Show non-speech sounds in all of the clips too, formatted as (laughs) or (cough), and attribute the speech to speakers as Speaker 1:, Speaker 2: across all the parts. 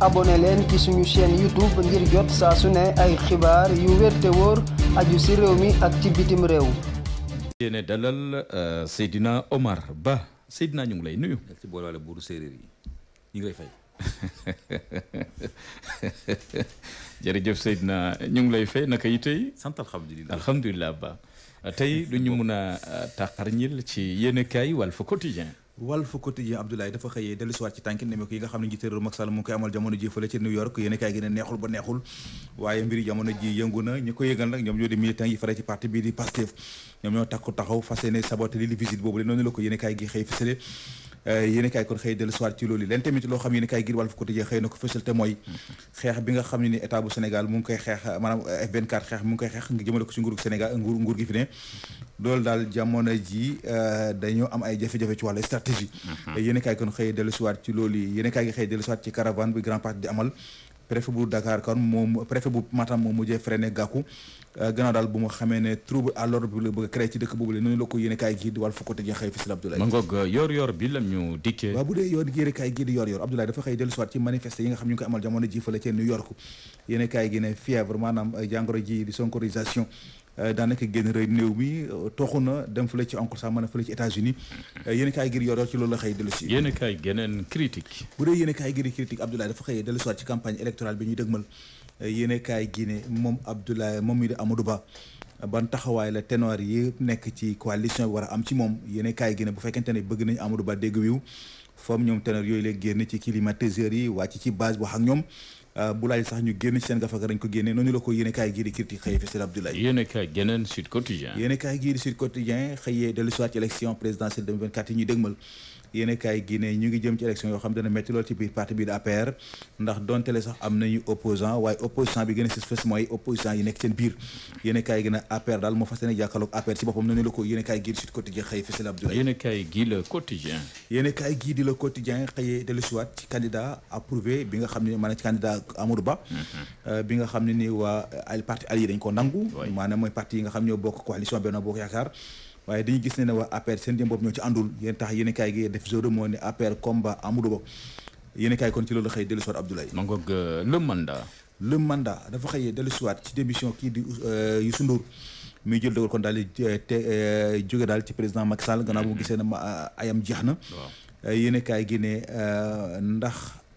Speaker 1: abonné leen suñu chaîne YouTube ngir jot saa su ne ay xibaar yu wér te aju ci réew mi ak ci bitim réew. yéen dalal euh, Seydina Omar Ba Seydina ñu ngi lay nuyu. ci boolewaale ngi lay fay. (laughs) jërëjëf Seydina ñu ngi lay fay naka yi tey. sant alhamdulilah alhamdulilah Ba tey lu ñu mun a euh, tàqarñil ci yéen a kaay Walf Quotidien
Speaker 2: Walf Quotidien Abdoulaye dafa xëyee dellu siwaat ci tànki ne ko yi nga xam ne njiitu réew Macky Sall koy amal jamono ji fële ci New York yéen gi ne neexul ba neexul waaye mbiri jamono ji yëngu na ñi ko nag ñoom ñoo di militants yi fare ci parti bii di Pastef ñoom ñoo takku taxaw fas yéene saboté li boobu le noonu la ko yéen gi xëy fësale euh, yéen kon xëy dellu siwaat ci loolu leen tamit loo xam yéen gi Walf stratégie mhm. yéen a kaay kon xëy dellu ci loolu yi yéen a kaay gi xëy dellu siwaat ci caravane bi grand parti di amal préfet bu Dakar kon moom préfet bu Matam moom mujjee freiné gàkku euh, gannaaw daal bu ma xamee ne trouble à l'ordre bi la bëgg a ci dëkk boobu la noonu la ko yéene di Walf euh, bu dee yoor yéene di yor yor Abdoulaye dafa xëy dellu ci manifesté yi nga xam ñu ngi koy amal jamono ji fële New York yéene gi ne fièvre maanaam euh, jàngoro Euh, daanaka génn rëy néew mi euh, toxu na dem fële ci encore sax mën a la ci États-Unis euh, yéen a kaay gir yor ci loolu la xëy dellu si yéen a kaay geneen critique bu a kaay giri critique Abdoulaye dafa xëy dellu si waat ci campagne électorale a kaay gi moom Abdoulaye moom mi ban taxawaay la ténor yi nekk ci coalition bi war a am ci moom yéen a bu fekkente ne bëgg nañu Amadou Ba dégg wiw foom ñoom ténor yooyu la génn ci climatiseurs yi wàcc ci base wax ak ñoom Euh, bu laaj sax ñu génn ci seen gafaka dañ ko génne noonu la ko yéene kaay gii xëyee fesal Abdoulaye
Speaker 1: yéene kaay geneen Quotidien yéene
Speaker 2: kaay gii Quotidien xëyee dellu soit ci élection présidentielle 2024 yi ñuy dégmal yéen kaay gi ne ñu ngi jëm ci élection yoo xam dana métti lool ci biir parti bi di APR ndax donte le sax am nañu opposant waaye opposition bi gën a sis fës mooy opposition yi nekk seen biir yéen kaay ne APR daal moo fas yéene jàkkaarloog APR ci boppam noonu la ko yéen kaay di Sud Quotidien xëy fësal Abdoulaye yéen ci candidat approuvé bi nga xam ne maanaam ci candidat Amadou Ba mhm. euh, bi nga xam ne ni waa ay parti dañ ko nangu maanaam mooy parti yi nga xam ñoo bokk coalition Benno Bokk waaye dañu gis ne ne waa APR seen jëm bopp ñoo ci àndul yéen tax yéen kaay gi def zone moo ne APR combat Amadou Ba kaay kon ci loolu xëy dellu soir Abdoulaye. ma ngoog euh, le mandat. le mandat dafa xëy dellu ci démission kii di euh, Youssou muy jël kon daal euh, te jóge daal ci président Macky Sall gannaaw bu gisee ne ma ayam jeex na. yéen kaay gi ne ndax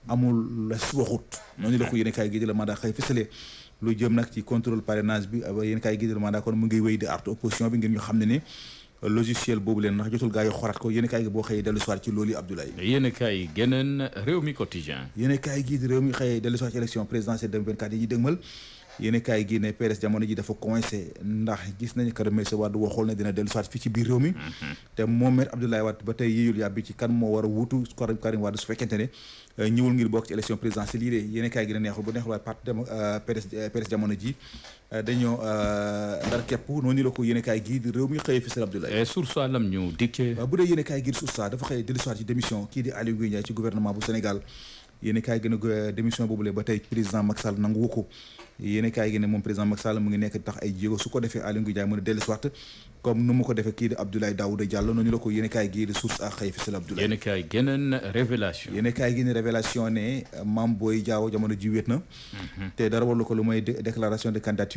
Speaker 2: amul la waxut. noonu la ko yéen kaay gi di la mandat xëy fësalee. lu jëm nag ci contrôle parrainage bi yéen kaay gi di la mandat kon mu ngi wéy di artu opposition bi ngeen ñu xam ne ni logiciel boobu leen ndax jotul gaa yi xoraat ko yéen kaay gi boo xëyee dellu soir ci loolu yi Abdoulaye
Speaker 1: yéen kaay mi quotidien
Speaker 2: yéen kaay gii di réew mi xëyee dellu soir ci élection présidentielle 2024 yi ne PDS jamono ji dafa coincé ndax gis nañ que Maître Wade waxool na dina dellu soir fii ci biir réew mi mhm. te moom maître Abdoulaye ba tey yéeyul yàbbi ci kan moo war a wutu Karim Wade su fekkente ne euh, ñëwul ngir bokk ci élection présidentielle yi de yéen kaay gi ne neexul bu neexul waaye parti euh, PDS euh, PDS jamono ji Euh, dañoo ndar euh, képp noonu la ko yéenekaay gii di réew mi xëyee fi sëñ Abdoulaye source a lam ñu dikkee waaw bu dee yéenekaay gii di a dafa xëy euh, ne moom ngi nekk tax ay jéego su ko defee Aliou Ngouille ko defee a xëyee fi sëñ Abdoulaye yéenekaay geneen révélation yéenekaay ne révélation ne Mame jamono ji wéet na mhm. te dara warlu ko lu mooy déclaration de candidature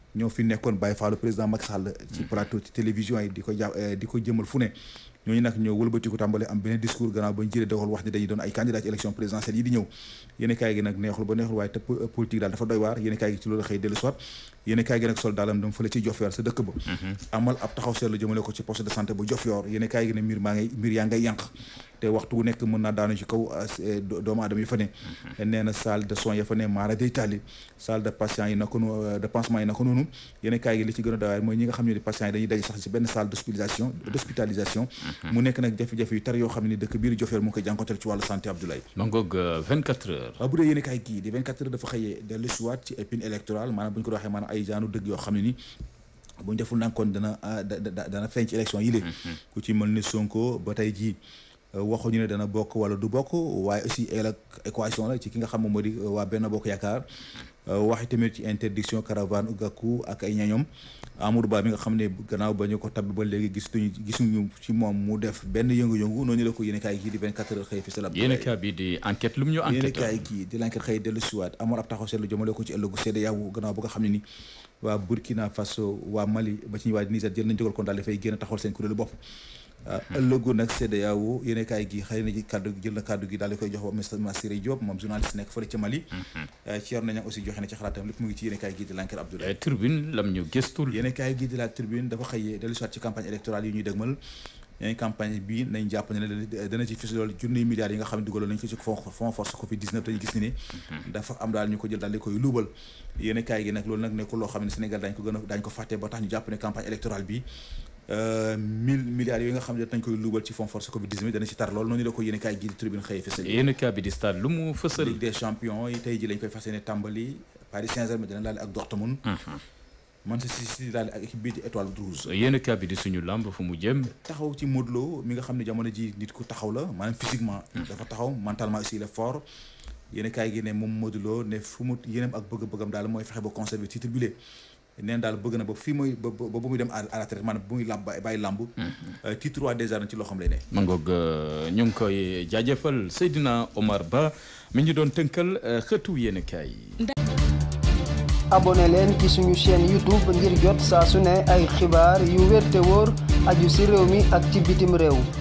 Speaker 2: ñoo fi nekkoon Baye Fallou président Macky Sall. ci mm. plateau ci télévision yi di ko ja eh, di ko jëmal fu ne. ñooñu nag ñoo wëlbatiku tàmbale am beneen discours gannaaw ba ñu doon ay candidat ci élection présidentielle yi di ñëw yéen gi nag neexul ba neexul waaye te eh, politique daal dafa doy waar yéen gi ci loolu xëy dellu soit yéen gi nag sol daalam dama fële ci Diofior sa dëkk ba mm-hmm. amal ab taxaw seetlu jëmale ko ci poste de santé bu te waxtu wu nekk mën naa daanu ci kaw euh, euh, doomu aadama yi fa ne mm-hmm. nee na salle de soins ya fa ne maara day taali salle de patients yi naka noonu euh, de pansement yi naka noonu yeneen kaay gi li ci gën a daawaay mooy ñi nga xam ne patients yi dañuy daje sax ci benn salle d'hospitalisation mm-hmm. d'hospitalisation mm-hmm. xam ne dëkk biir Jofeer mu ngi koy jànkonteel ci wàllu santé Abdoulaye dafa xëyee dellu si ci épine maanaam bu ñu ko waxee maanaam ay genre dëgg yoo xam ne ni bu ñu deful nankoon dana dana feeñ ci élection yi lée ku ci mel ni Sonko ba tey jii Euh, waxuñu ne dana bokk wala du bokk waaye aussi eel équation la ci ki nga xam moom moo di euh, waa benn bokk yaakaar euh, waxi tamit ci interdiction caravane Gakou ak ay ñañoom Amadou Ba bi nga xam ne gannaaw ba ko tabb ba léegi gisuñu gisuñu ci moom mu def benn yëngu-yëngu noonu la ko yéen kaay gii di 24 heures xëy fi sala yéen
Speaker 1: kaay di enquête
Speaker 2: xëy dellu siwaat amoon ab taxaw seetlu ko ci ëllëgu CEDEAO gannaaw ba nga xam ne ni waa Burkina Faso waa Mali ba ci ñu waa Niger jël nañ jógal kon daal dafay génn taxawal seen kuréelu bopp Ah, ëllëgu nag CEDEAO yéen kaay gi xëy na kàddu jël na kàddu gi daal di koy jox monsieur Massiré Diop moom journaliste nekk fële ca Mali mhm. eh, ci yor nañu aussi joxe kaay gi di l'enquête Abdoulaye eh, Tribune lam ñu di soit ci campagne électorale yi eh, loolu junniy milliards nga xam ne dugaloon nañ ko mhm. ko jël daal di koy luubal yéen kaay gi nag loolu nag nekkul loo xam ne Sénégal dañ ko gën a dañ ko fàtte ba tax ñu jàpp campagne électorale bi Euh, mille milliards yi nga xam ne dañ koy luubal ci fonds force Covid 19 dana ci tar lool noonu la ko yéen kaay gi di tribune xëy fësal yéen yi tey ji lañ koy fas yéene tàmbali Paris Saint-Germain dina laale ak Dortmund mhm. Manchester City daal ak di étoile rouge. yéen
Speaker 1: a bi di suñu
Speaker 2: taxaw ci Modou Lo mi nga xam ne jamono ji nit ku taxaw la maanaam physiquement. Mhm. dafa taxaw mentalement aussi il est fort. yéen a kaay gi ne moom Modou Lo ne fu mu yéenam ak bëgg-bëggam daal mooy fexe ba conserver titre bi neen daal bëgg na ba fii muy ba ba bu muy dem à la retraite maanaam bu muy làmb bàyyi làmb. Mm-hmm. Euh, titre roi des arènes ci loo xam lay
Speaker 1: ma ngoog euh, ñu ngi koy jaajëfal Seydina Omar Ba mi ñu doon tënkal euh, xëtu yéen kaay.
Speaker 2: abonné leen ci suñu chaîne
Speaker 1: YouTube ngir jot saa su ne ay xibaar yu wér wóor aju si réew mi ak ci bitim réew.